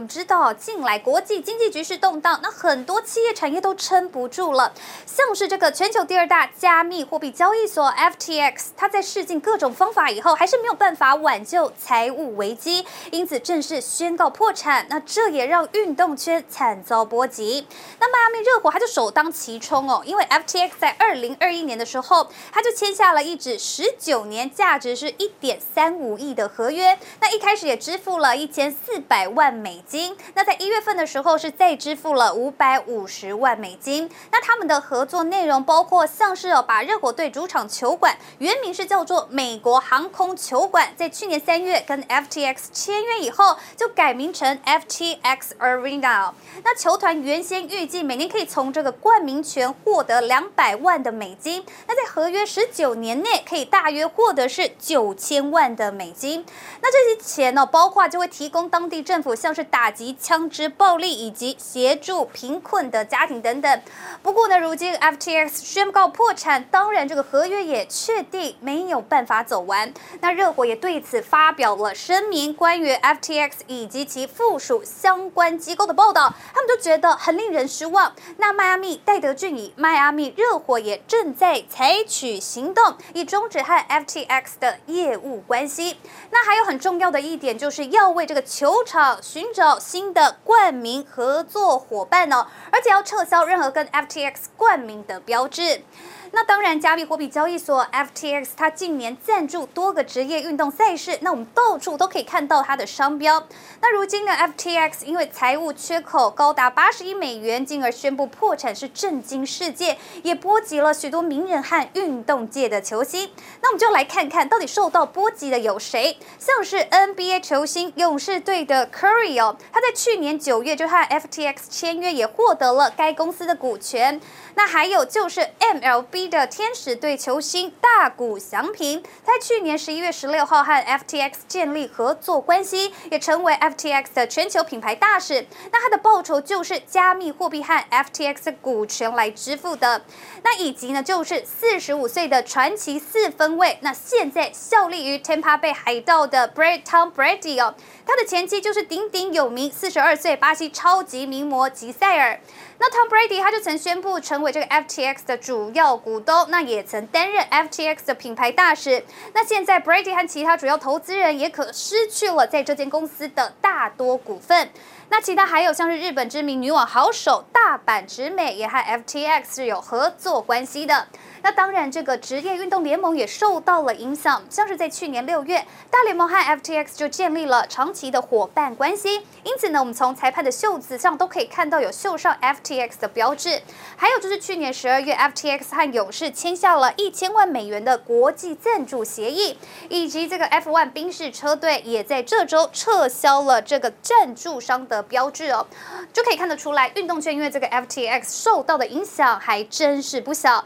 我們知道，近來國際經濟局勢動盪，那很多企業產業都撐不住了。像是這個全球第二大加密貨幣交易所 FTX，它在試盡各種方法以後，還是沒有辦法挽救財務危機，因此正式宣告破產。那這也讓運動圈慘遭波及。那邁阿密熱火，他就首當其衝哦，因為 FTX 在二零二一年的時候，他就簽下了一紙十九年、價值是一點三五億的合約。那一開始也支付了一千四百萬美金。金，那在一月份的時候是再支付了五百五十萬美金。那他們的合作內容包括像是哦，把熱火隊主場球館原名是叫做美國航空球館，在去年三月跟 FTX 簽約以後，就改名成 FTX Arena。那球團原先預計每年可以從這個冠名權獲得兩百萬的美金。那在合約十九年內，可以大約獲得是九千萬的美金。那這些錢呢，包括就會提供當地政府像是打。打擊槍支暴力以及協助貧困的家庭等等。不過呢，如今 FTX 宣告破產，當然這個合約也確定沒有辦法走完。那熱火也對此發表了聲明，關於 FTX 以及其附屬相關機構的報道，他們就覺得很令人失望。那邁阿密戴德郡以邁阿密熱火也正在採取行動，以終止和 FTX 的業務關係。那還有很重要的一點，就是要為這個球場尋找新的冠名合作夥伴呢、哦，而且要撤銷任何跟 FTX 冠名的標誌。那當然，加密貨幣交易所 FTX 它近年贊助多個職業運動賽事，那我們到處都可以看到它的商標。那如今呢，FTX 因為財務缺口高達八十億美元，進而宣布破產，是震驚世界，也波及了許多名人和運動界的球星。那我們就來看看，到底受到波及的有誰？像是 NBA 球星勇士隊的 Curry 哦，他在去年九月就和 FTX 簽約，也獲得了該公司的股權。那還有就是 MLB。的天使隊球星大谷翔平在去年十一月十六號和 FTX 建立合作關係，也成為 FTX 的全球品牌大使。那他的報酬就是加密貨幣和 FTX 的股權來支付的。那以及呢，就是四十五歲的傳奇四分衛。那現在效力於 Tampa Bay 海盜的 Brett Tom Brady 哦，他的前妻就是鼎鼎有名四十二歲巴西超級名模吉賽爾。那 Tom Brady 他就曾宣布成為這個 FTX 的主要股東，那也曾擔任 FTX 的品牌大使。那現在，Brady 和其他主要投資人也可失去了在這間公司的大多股份。那其他還有像是日本知名女網好手大坂直美也和 FTX 是有合作關係的。那當然，這個職業運動聯盟也受到了影響，像是在去年六月，大聯盟和 FTX 就建立了長期的夥伴關係。因此呢，我們從裁判的袖子上都可以看到有繡上 FTX 的標誌。還有就是去年十二月，FTX 和勇士簽下了一千萬美元的國際贊助協議，以及這個 F1 賓士車隊也在這週撤銷了這個贊助商的標誌哦，就可以看得出來，運動圈因為這個 FTX 受到的影響還真是不小。